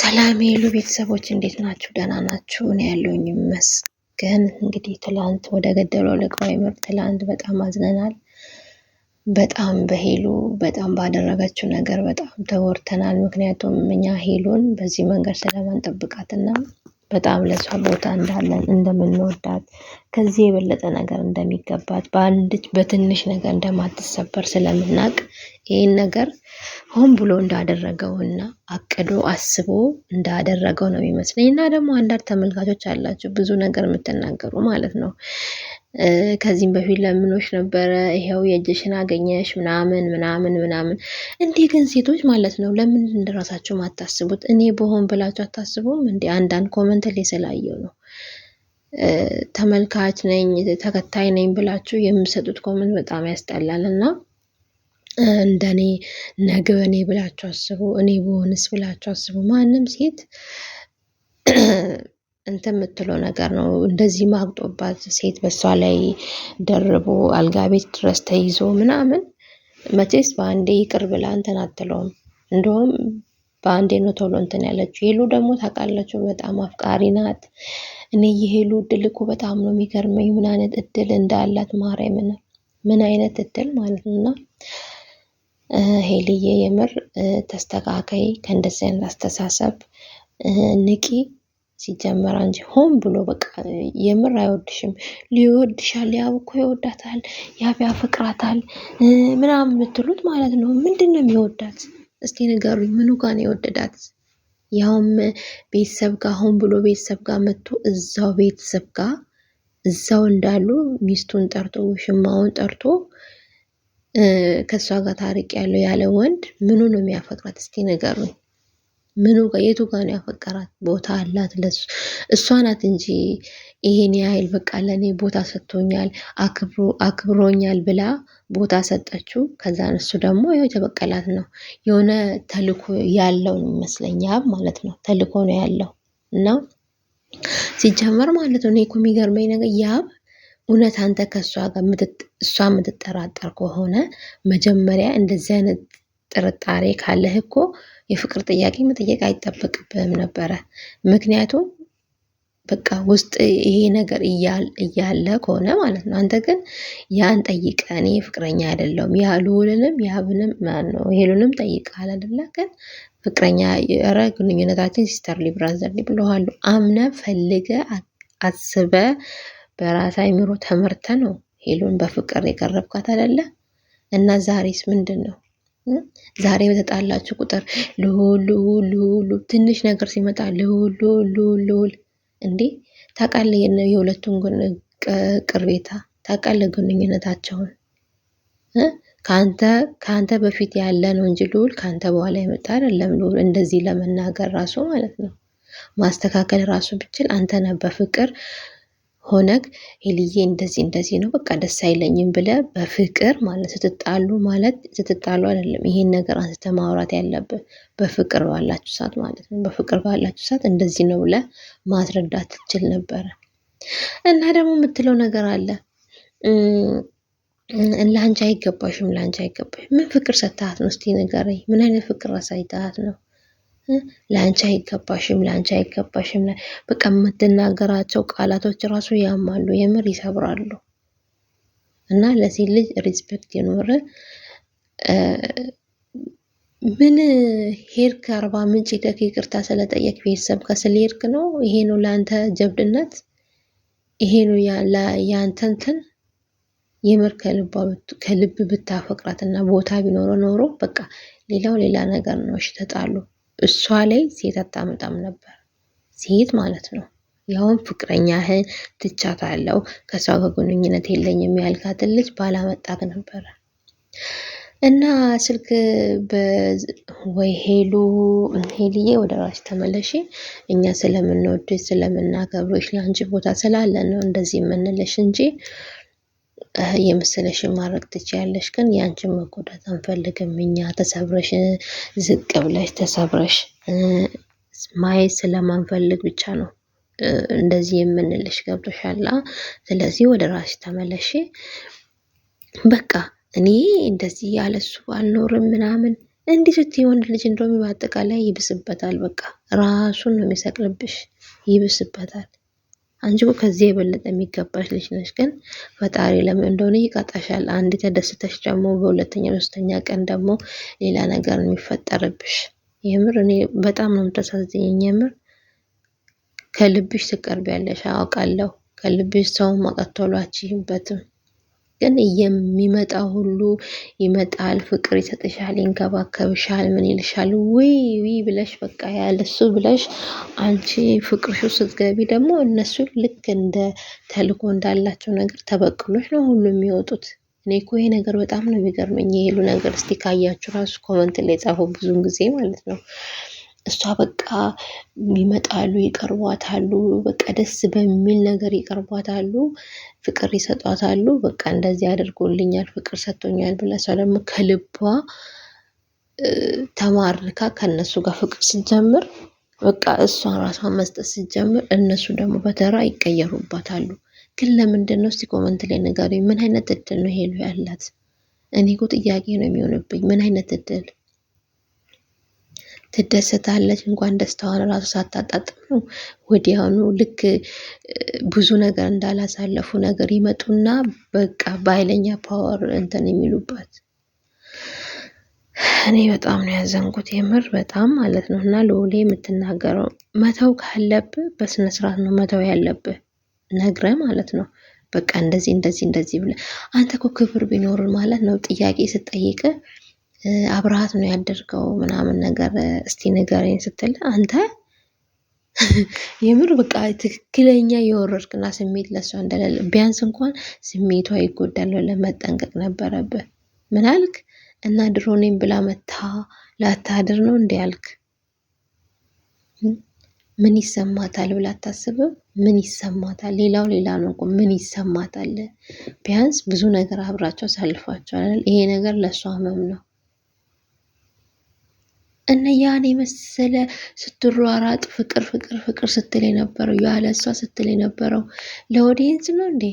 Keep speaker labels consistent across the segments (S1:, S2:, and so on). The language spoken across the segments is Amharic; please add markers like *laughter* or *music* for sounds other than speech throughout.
S1: ሰላም የሉ ቤተሰቦች እንዴት ናችሁ? ደህና ናችሁ? እኔ ያለውኝ ይመስገን። እንግዲህ ትላንት ወደ ገደለው ልቀው ምር ትላንት በጣም አዝነናል። በጣም በሄሉ በጣም ባደረገችው ነገር በጣም ተወርተናል። ምክንያቱም እኛ ሄሉን በዚህ መንገድ ስለማንጠብቃትና በጣም ለሷ ቦታ እንዳለን እንደምንወዳት ከዚህ የበለጠ ነገር እንደሚገባት በአንድ በትንሽ ነገር እንደማትሰበር ስለምናውቅ ይህን ነገር ሆን ብሎ እንዳደረገውና አቅዶ አስቦ እንዳደረገው ነው የሚመስለኝ። እና ደግሞ አንዳንድ ተመልካቾች አላቸው ብዙ ነገር የምትናገሩ ማለት ነው ከዚህም በፊት ለምኖች ነበረ፣ ይሄው የእጅሽን አገኘሽ ምናምን ምናምን ምናምን። እንዲህ ግን ሴቶች ማለት ነው ለምንድን እንደራሳቸው አታስቡት? እኔ በሆን ብላችሁ አታስቡም? እንዲ አንዳንድ ኮመንት ላይ ስላየው ነው ተመልካች ነኝ ተከታይ ነኝ ብላችሁ የምሰጡት ኮመንት በጣም ያስጠላል። እና እንደኔ ነገ እኔ ብላችሁ አስቡ፣ እኔ በሆንስ ብላችሁ አስቡ። ማንም ሴት እንትን የምትለው ነገር ነው። እንደዚህ ማግጦባት ሴት በሷ ላይ ደርቦ አልጋ ቤት ድረስ ተይዞ ምናምን መቼስ በአንዴ ይቅር ብላ እንትን አትለውም። እንደውም በአንዴ ነው ቶሎ እንትን ያለችው። ሄሉ ደግሞ ታውቃላችሁ በጣም አፍቃሪ ናት። እኔ የሄሉ እድል እኮ በጣም ነው የሚገርመኝ። ምን አይነት እድል እንዳላት ማርያምን፣ ምን አይነት እድል ማለት ነው። እና ሄልዬ የምር ተስተካከይ፣ ከእንደዚህ አይነት አስተሳሰብ ንቂ። ሲጀመር አንቺ ሆን ብሎ በቃ የምር አይወድሽም። ሊወድሻል ያብ እኮ ይወዳታል ያብ ያፈቅራታል ምናምን የምትሉት ማለት ነው። ምንድን ነው የሚወዳት እስቲ ንገሩኝ? ምኑ ጋር ነው የወደዳት? ያውም ቤተሰብ ጋር ሆን ብሎ ቤተሰብ ጋር መጥቶ እዛው ቤተሰብ ጋር እዛው እንዳሉ ሚስቱን ጠርቶ ውሽማውን ጠርቶ ከእሷ ጋር ታሪቅ ያለው ያለ ወንድ ምኑ ነው የሚያፈቅራት? እስቲ ንገሩኝ። ምኑ ጋር የቱ ጋር ነው ያፈቀራት? ቦታ አላት ለሱ እሷ ናት እንጂ ይሄን ያህል በቃ ለእኔ ቦታ ሰጥቶኛል አክብሮኛል ብላ ቦታ ሰጠችው። ከዛ እሱ ደግሞ ያው የተበቀላት ነው። የሆነ ተልኮ ያለው ነው ይመስለኛል ማለት ነው። ተልኮ ነው ያለው እና ሲጀመር ማለት ነው። እኔ እኮ የሚገርመኝ ነገር ያብ እውነት አንተ ከእሷ ጋር እሷ የምትጠራጠር ከሆነ መጀመሪያ እንደዚህ አይነት ጥርጣሬ ካለህ እኮ የፍቅር ጥያቄ መጠየቅ አይጠበቅብህም ነበረ። ምክንያቱም በቃ ውስጥ ይሄ ነገር እያለ ከሆነ ማለት ነው። አንተ ግን ያን ጠይቀ እኔ ፍቅረኛ አይደለሁም ያ ልዑልንም ያብንም ማነው ሄሉንም ጠይቀሃል አይደለ? ግን ፍቅረኛ ኧረ ግንኙነታችን ሲስተር ሊብራዘር ብለዋል። አምነ ፈልገ አስበ በራሳ አእምሮ ተመርተህ ነው ሄሉን በፍቅር የቀረብኳት አይደለ? እና ዛሬስ ምንድን ነው? ዛሬ በተጣላችሁ ቁጥር ልሁል ልሁል ልሁል ትንሽ ነገር ሲመጣ ልሁል ልሁል ልሁል እንዴ ታውቃለህ የሁለቱን ቅርቤታ ታውቃለህ ግንኙነታቸውን ከአንተ ከአንተ በፊት ያለ ነው እንጂ ልውል ከአንተ በኋላ የመጣ አይደለም። ልውል እንደዚህ ለመናገር ራሱ ማለት ነው ማስተካከል ራሱ ብችል አንተ ነህ በፍቅር ሆነግ ሄልዬ እንደዚህ እንደዚህ ነው በቃ ደስ አይለኝም ብለ በፍቅር ማለት ስትጣሉ ማለት ስትጣሉ አይደለም ይሄን ነገር አንስተ ማውራት ያለብን በፍቅር ባላችሁ ሰዓት ማለት ነው። በፍቅር ባላችሁ ሰዓት እንደዚህ ነው ብለ ማስረዳት ትችል ነበረ። እና ደግሞ የምትለው ነገር አለ ለአንቺ አይገባሽም፣ ለአንቺ አይገባሽም። ምን ፍቅር ሰጥታት ነው? እስቲ ንገረኝ። ምን አይነት ፍቅር አሳይታት ነው? ለአንቺ አይገባሽም፣ ለአንቺ አይገባሽም፣ በቃ የምትናገራቸው ቃላቶች ራሱ ያማሉ፣ የምር ይሰብራሉ። እና ለዚህ ልጅ ሪስፔክት ይኖር። ምን ሄድክ አርባ ምንጭ ሄደክ ይቅርታ ስለጠየቅ ቤተሰብ ከስልሄድክ ነው ይሄ ነው ለአንተ ጀብድነት፣ ይሄ ነው ያንተንትን። የምር ከልብ ብታፈቅራት እና ቦታ ቢኖረ ኖሮ በቃ ሌላው ሌላ ነገር ነው። እሺ ተጣሉ እሷ ላይ ሴት አታመጣም ነበር። ሴት ማለት ነው ያውን ፍቅረኛህን ትቻታለው ከሷ ጋር ግንኙነት የለኝም ያልካትን ልጅ ባላመጣት ነበረ። እና ስልክ ወይ ሄሉ ሄልዬ ወደ ራስሽ ተመለሽ። እኛ ስለምንወድሽ ስለምናከብሮች ለአንቺ ቦታ ስላለ ነው እንደዚህ የምንልሽ እንጂ የመሰለሽን ማድረግ ትችያለሽ፣ ግን ያንቺን መጎዳት አንፈልግም እኛ። ተሰብረሽ ዝቅ ብለሽ ተሰብረሽ ማየት ስለማንፈልግ ብቻ ነው እንደዚህ የምንልሽ። ገብቶሻላ? ስለዚህ ወደ ራስሽ ተመለሽ። በቃ እኔ እንደዚህ ያለሱ አልኖርም ምናምን እንዲህ ስትይ ወንድ ልጅ እንደውም በአጠቃላይ ይብስበታል። በቃ ራሱን ነው የሚሰቅልብሽ፣ ይብስበታል። አንቺ እኮ ከዚህ የበለጠ የሚገባሽ ልጅ ነሽ፣ ግን ፈጣሪ ለምን እንደሆነ ይቀጣሻል። አንድ ተደስተሽ ደግሞ በሁለተኛ ሶስተኛ ቀን ደግሞ ሌላ ነገር የሚፈጠርብሽ። የምር እኔ በጣም ነው የምታሳዝኝ። የምር ከልብሽ ትቀርቢያለሽ፣ አውቃለሁ። ከልብሽ ሰው መቀተሏችሁበትም ግን የሚመጣ ሁሉ ይመጣል፣ ፍቅር ይሰጥሻል፣ ይንከባከብሻል፣ ምን ይልሻል ውይ ውይ ብለሽ በቃ ያለሱ ብለሽ አንቺ ፍቅርሹ ስትገቢ ደግሞ እነሱ ልክ እንደ ተልኮ እንዳላቸው ነገር ተበቅሎች ነው ሁሉ የሚወጡት። እኔ እኮ ይሄ ነገር በጣም ነው የሚገርመኝ። የሄሉ ነገር እስቲ ካያችሁ ራሱ ኮመንት ላይ ጻፉ፣ ብዙን ጊዜ ማለት ነው። እሷ በቃ ይመጣሉ፣ ይቀርቧታሉ። በቃ ደስ በሚል ነገር ይቀርቧታሉ፣ ፍቅር ይሰጧታሉ። በቃ እንደዚህ አድርጎልኛል፣ ፍቅር ሰጥቶኛል ብላ እሷ ደግሞ ከልቧ ተማርካ ከእነሱ ጋር ፍቅር ስትጀምር በቃ እሷ ራሷን መስጠት ስትጀምር እነሱ ደግሞ በተራ ይቀየሩባታሉ። ግን ለምንድን ነው እስቲ ኮመንት ላይ ንገሩኝ። ምን አይነት እድል ነው ሄሉ ያላት? እኔ እኮ ጥያቄ ነው የሚሆንብኝ። ምን አይነት እድል ትደሰታለች። እንኳን ደስታዋን ራሱ ሳታጣጥም ነው ወዲያውኑ ልክ ብዙ ነገር እንዳላሳለፉ ነገር ይመጡና በቃ በኃይለኛ ፓወር እንትን የሚሉባት። እኔ በጣም ነው ያዘንኩት የምር በጣም ማለት ነው። እና ልውሌ የምትናገረው መተው ካለብህ በስነ ስርዓት ነው መተው ያለብህ ነግረ ማለት ነው። በቃ እንደዚህ እንደዚህ እንደዚህ ብለህ አንተ እኮ ክብር ቢኖርን ማለት ነው ጥያቄ ስጠይቅህ አብረሃት ነው ያደርገው ምናምን ነገር እስቲ ንገረኝ ስትል አንተ *laughs* የምር በቃ ትክክለኛ የወረድክና ስሜት ለሷ እንደሌለ ቢያንስ እንኳን ስሜቷ ይጎዳል ብለህ መጠንቀቅ ነበረብህ። ምን አልክ? እና ድሮ እኔም ብላ መታ ላታድር ነው እንዲ ያልክ ምን ይሰማታል ብላ አታስብም? ምን ይሰማታል? ሌላው ሌላ ነው እኮ ምን ይሰማታል? ቢያንስ ብዙ ነገር አብራቸው አሳልፋቸዋል። ይሄ ነገር ለእሷ ህመም ነው። እነ ያን የመሰለ አራጥ ፍቅር ፍቅር ፍቅር ስትል የነበረው ያለ እሷ ስትል የነበረው ለኦዲየንስ ነው እንዴ?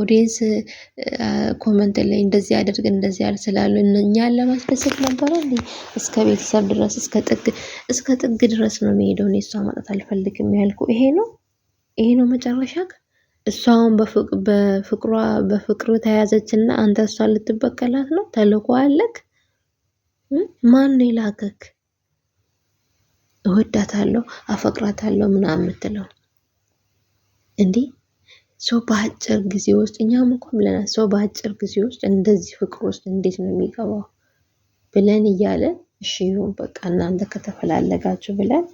S1: ኦዲየንስ ኮመንት ላይ እንደዚህ አድርግ እንደዚህ ያል ስላሉ እኛን ለማስደሰት ነበረ እንዴ? እስከ ቤተሰብ ድረስ እስከ ጥግ እስከ ጥግ ድረስ ነው የሚሄደው። እሷ ማጣት አልፈልግም ያልኩ ይሄ ነው ይሄ ነው መጨረሻ። እሷውን በፍቅሯ በፍቅሩ ተያዘች እና አንተ እሷ ልትበቀላት ነው ተልኮ አለክ። ማን ነው የላከክ? እወዳታለሁ፣ አፈቅራታለሁ ምናምን የምትለው እንዲህ ሰው በአጭር ጊዜ ውስጥ እኛም እኮ ብለናል። ሰው በአጭር ጊዜ ውስጥ እንደዚህ ፍቅር ውስጥ እንዴት ነው የሚገባው ብለን እያለ እሺ ይሁን በቃ እናንተ ከተፈላለጋችሁ ብለን፣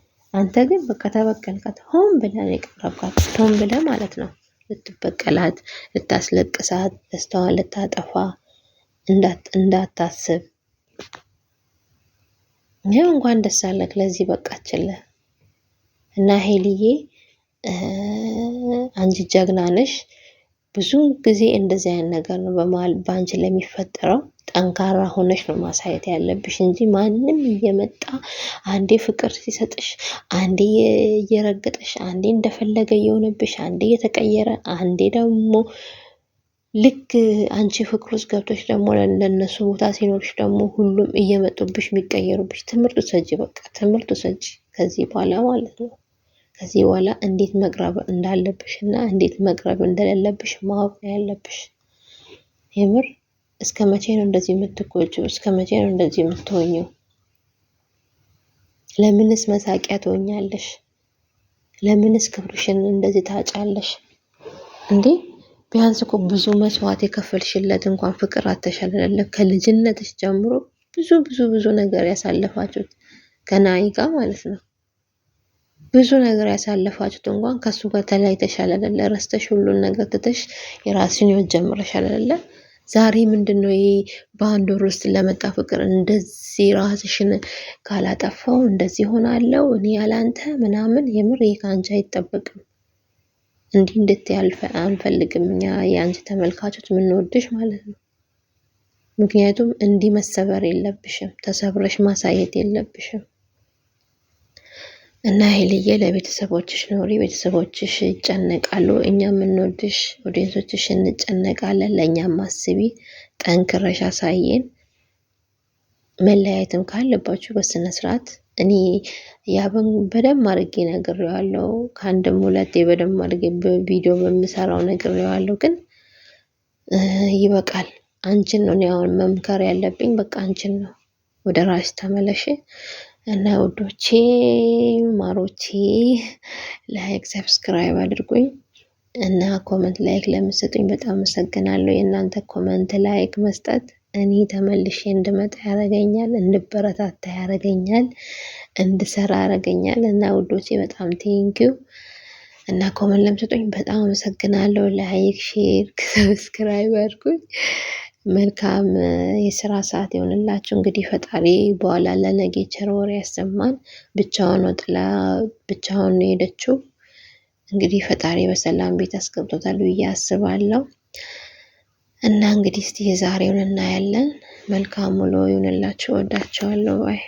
S1: አንተ ግን በቃ ተበቀልካት። ሆን ብለን የቀረብካት ሆን ብለን ማለት ነው ልትበቀላት፣ ልታስለቅሳት፣ ደስታዋን ልታጠፋ እንዳታስብ ይኸው እንኳን ደስ አለክ ለዚህ በቃችልህ እና ሄልዬ አንቺ ጀግና ነሽ። ብዙ ጊዜ እንደዚህ አይነት ነገር ነው በመሀል በአንቺ ለሚፈጠረው ጠንካራ ሆነሽ ነው ማሳየት ያለብሽ እንጂ ማንም እየመጣ አንዴ ፍቅር ሲሰጥሽ፣ አንዴ እየረገጠሽ፣ አንዴ እንደፈለገ እየሆነብሽ፣ አንዴ እየተቀየረ፣ አንዴ ደግሞ ልክ አንቺ ፍቅር ውስጥ ገብቶች ደግሞ ለእነሱ ቦታ ሲኖርሽ ደግሞ ሁሉም እየመጡብሽ የሚቀየሩብሽ፣ ትምህርት ውሰጂ፣ በቃ ትምህርት ውሰጂ ከዚህ በኋላ ማለት ነው። ከዚህ በኋላ እንዴት መቅረብ እንዳለብሽ እና እንዴት መቅረብ እንደሌለብሽ ማወቅ ያለብሽ። የምር እስከ መቼ ነው እንደዚህ የምትጎጂው? እስከ መቼ ነው እንደዚህ የምትወኘው? ለምንስ መሳቂያ ትሆኛለሽ? ለምንስ ክብርሽን እንደዚህ ታጫለሽ እንዴ? ቢያንስ እኮ ብዙ መስዋዕት የከፈልሽለት እንኳን ፍቅር አተሻለለም። ከልጅነትሽ ጀምሮ ብዙ ብዙ ብዙ ነገር ያሳለፋችሁት ከናይ ጋር ማለት ነው። ብዙ ነገር ያሳለፋችሁት እንኳን ከሱ ጋር ተለያይተሽ አለለ ረስተሽ ሁሉን ነገር ትተሽ የራስሽን ህይወት ጀምረሽ አለለ። ዛሬ ምንድን ነው ይሄ በአንድ ወር ውስጥ ለመጣ ፍቅር እንደዚህ ራስሽን ካላጠፋው እንደዚህ ሆናለው እኔ ያላንተ ምናምን። የምር ይሄ ከአንቺ አይጠበቅም። እንዲህ እንድትይ አንፈልግም እኛ የአንቺ ተመልካቾች የምንወድሽ ማለት ነው። ምክንያቱም እንዲህ መሰበር የለብሽም፣ ተሰብረሽ ማሳየት የለብሽም እና ሄልዬ ለቤተሰቦችሽ ኖሪ፣ ቤተሰቦችሽ ይጨነቃሉ። እኛ የምንወድሽ ኦዲየንሶችሽ እንጨነቃለን። ለእኛም አስቢ፣ ጠንክረሽ አሳየን። መለያየትም ካለባችሁ በስነ ስርዓት እኔ ያብን በደንብ አድርጌ ነግሬዋለሁ። ከአንድም ሁለቴ በደንብ አድርጌ በቪዲዮ በምሰራው ነግሬዋለሁ። ግን ይበቃል፣ አንቺን ነው እኔ አሁን መምከር ያለብኝ። በቃ አንቺን ነው፣ ወደ ራስሽ ተመለሽ። እና ውዶቼ ማሮቼ ላይክ ሰብስክራይብ አድርጉኝ እና ኮመንት ላይክ ለምትሰጡኝ በጣም አመሰግናለሁ። የእናንተ ኮመንት ላይክ መስጠት እኔ ተመልሼ እንድመጣ ያረገኛል፣ እንድበረታታ ያረገኛል፣ እንድሰራ ያረገኛል። እና ውዶቼ በጣም ቴንኪው እና ኮመን ለምሰጡኝ በጣም አመሰግናለሁ። ላይክ፣ ሼር፣ ሰብስክራይብ አድርጉኝ። መልካም የስራ ሰዓት የሆንላችሁ። እንግዲህ ፈጣሪ በኋላ ለነገ ቸር ወሬ ያሰማን። ብቻውን ወጥላ ብቻውን ነው የሄደችው። እንግዲህ ፈጣሪ በሰላም ቤት አስገብቶታል ብዬ አስባለሁ። እና እንግዲህ እስቲ የዛሬውን እናያለን። መልካም ውሎ ይሁንላችሁ። እወዳችኋለሁ። ባይ